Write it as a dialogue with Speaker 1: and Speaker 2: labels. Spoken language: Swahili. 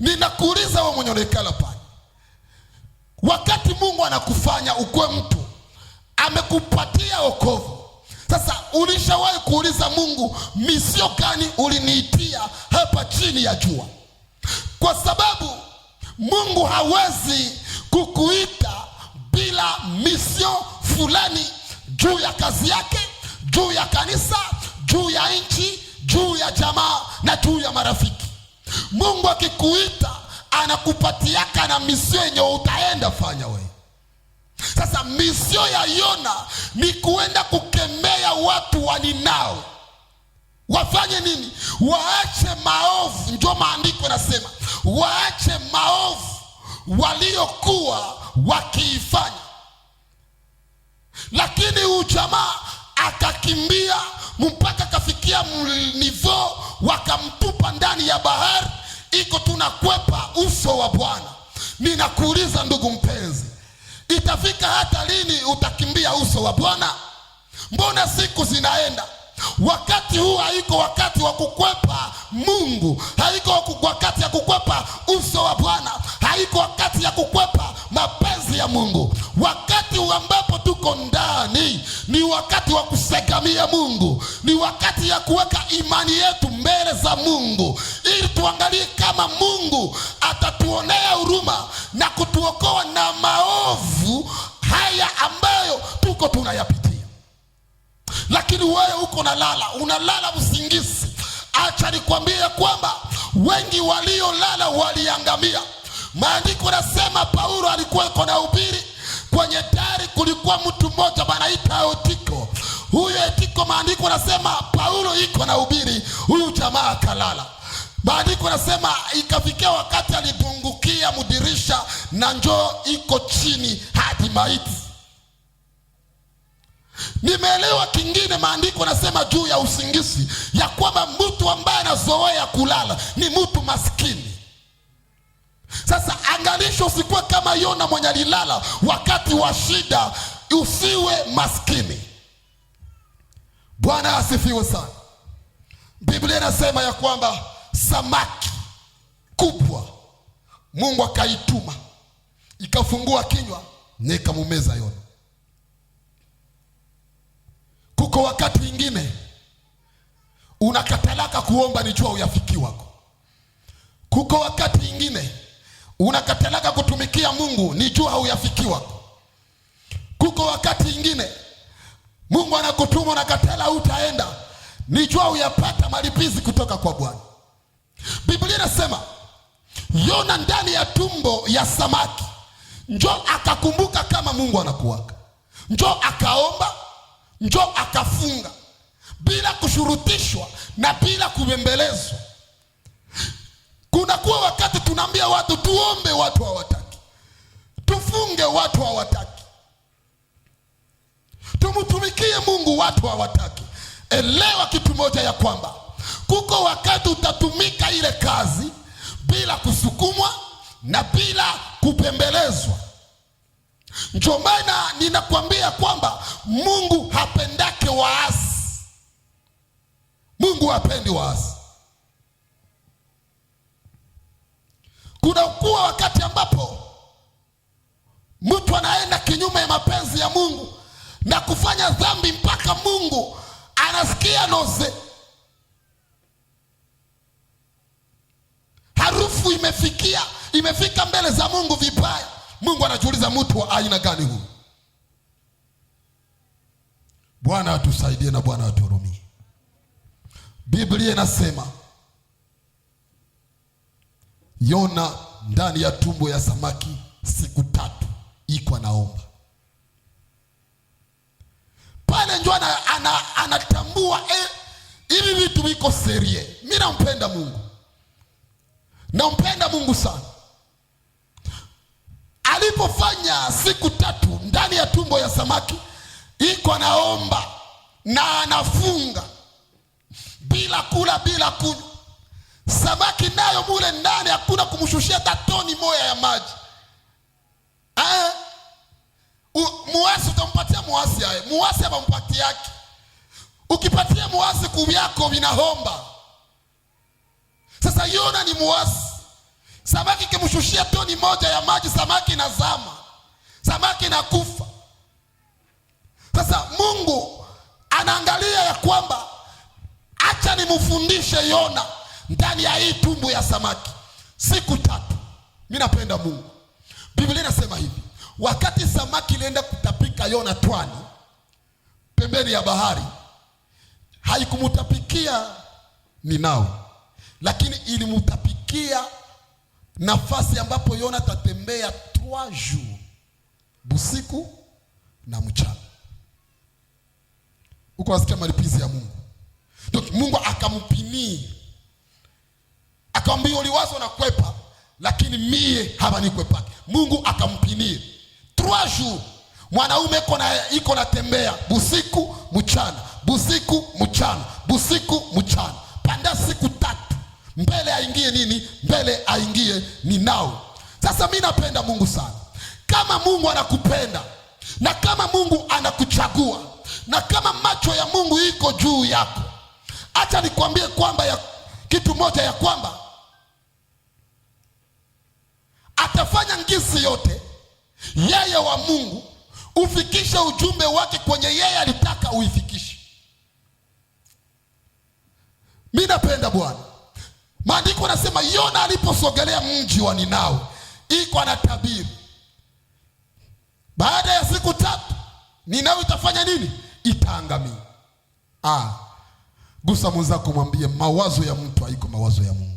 Speaker 1: Ninakuuliza wewe mwenye unaikala pale, wakati Mungu anakufanya ukuwe mtu, amekupatia wokovu. Sasa ulishawahi kuuliza Mungu, misio gani uliniitia hapa chini ya jua? Kwa sababu Mungu hawezi kukuita bila misio fulani juu ya kazi yake, juu ya kanisa, juu ya nchi, juu ya jamaa na juu ya marafiki. Mungu akikuita anakupatiaka na misio yenye utaenda fanya we. Sasa misio ya Yona ni kuenda kukemea watu wa Ninawi wafanye nini? Waache maovu. Ndio maandiko yanasema waache maovu waliokuwa wakiifanya, lakini huyu jamaa akakimbia mpaka akafikia nivoo wakamtupa ndani ya bahari, iko tunakwepa uso wa Bwana. Ninakuuliza ndugu mpenzi, itafika hata lini utakimbia uso wa Bwana? Mbona siku zinaenda? Wakati huu haiko wakati wa kukwepa Mungu, haiko wakati ya kukwepa uso wa Bwana, haiko wakati ya kukwepa mapenzi ya Mungu. Wakati ambapo tuko ndani ni wakati wa kusegamia Mungu, ni wakati ya kuweka imani yetu mbele za Mungu ili tuangalie kama Mungu atatuonea huruma na kutuokoa na maovu haya ambayo tuko tunayapitia. Lakini wewe uko nalala, unalala usingizi. Acha nikwambie kwamba wengi waliolala waliangamia. Maandiko nasema Paulo alikuwa na ubiri Kwenye dari kulikuwa mtu mmoja wanaita Otiko. huyo Otiko, maandiko nasema Paulo iko na ubiri, huyu jamaa akalala. Maandiko nasema ikafikia wakati alibungukia mudirisha na njoo iko chini hadi maiti. Nimeelewa kingine, maandiko nasema juu ya usingizi ya kwamba mtu ambaye anazoea kulala ni mtu maskini. Sasa angalisho, usikuwe kama Yona mwenye alilala wakati wa shida, usiwe maskini. Bwana asifiwe sana. Biblia inasema ya kwamba samaki kubwa Mungu akaituma ikafungua kinywa na ikamumeza Yona. Kuko wakati mwingine unakatalaka kuomba, ni jua uyafiki wako. Kuko wakati mwingine unakatalaga kutumikia Mungu ni jua hauyafikiwa. Kuko wakati ingine Mungu anakutuma unakatala, utaenda ni jua uyapata malipizi kutoka kwa Bwana. Biblia inasema Yona ndani ya tumbo ya samaki njo akakumbuka kama Mungu anakuwaka, njo akaomba, njo akafunga bila kushurutishwa na bila kubembelezwa. Kunakuwa wakati tunaambia watu tuombe, watu hawataki, tufunge, watu hawataki, tumtumikie Mungu, watu hawataki. Elewa kitu moja ya kwamba kuko wakati utatumika ile kazi bila kusukumwa na bila kupembelezwa. Ndio maana ninakwambia kwamba Mungu hapendake waasi. Mungu hapendi waasi. Kuna kuwa wakati ambapo mtu anaenda kinyume ya mapenzi ya Mungu na kufanya dhambi mpaka Mungu anasikia noze, harufu imefikia imefika mbele za Mungu vibaya. Mungu anajiuliza mtu wa aina gani huyu? Bwana atusaidie na Bwana atuhurumie. Biblia inasema Yona ndani ya tumbo ya samaki siku tatu, iko anaomba pale, njo anatambua eh, hivi vitu viko serie. Mi nampenda Mungu, nampenda Mungu sana. Alipofanya siku tatu ndani ya tumbo ya samaki, iko anaomba na anafunga bila kula bila kunywa Samaki nayo mule ndani hakuna kumshushia hata toni moja ya maji. Ah, muasi utampatia muasi aye, muasi abampati yake. Ukipatia muasi kuvyako vinahomba. Sasa Yona ni muasi. Samaki kimshushia toni moja ya maji, samaki nazama samaki nakufa Sasa Mungu anaangalia ya kwamba acha nimufundishe Yona ndani ya hii tumbo ya samaki siku tatu. Mimi napenda Mungu. Biblia inasema hivi, wakati samaki ilienda kutapika Yona twani pembeni ya bahari, haikumutapikia Ninawi, lakini ilimutapikia nafasi ambapo Yona atatembea twaju busiku na mchana. Uko wasikia malipizi ya Mungu. Mungu akampini akamwambia uliwaza unakwepa, lakini mie habanikwepaki. Mungu akampinie trois jours mwanaume iko natembea busiku mchana busiku mchana busiku mchana panda siku tatu, mbele aingie nini? Mbele aingie ni nao. Sasa mi napenda Mungu sana. Kama Mungu anakupenda na kama Mungu anakuchagua na kama macho ya Mungu iko juu yako, acha nikwambie kwamba ya kitu moja ya kwamba atafanya ngisi yote yeye wa Mungu ufikishe ujumbe wake kwenye yeye alitaka uifikishe. Mimi napenda Bwana. Maandiko anasema Yona aliposogelea mji wa Ninawi, iko na tabiri, baada ya siku tatu Ninawi itafanya nini? Itaangamia. Ah, gusa mwenzako, mwambie mawazo ya mtu haiko mawazo ya Mungu.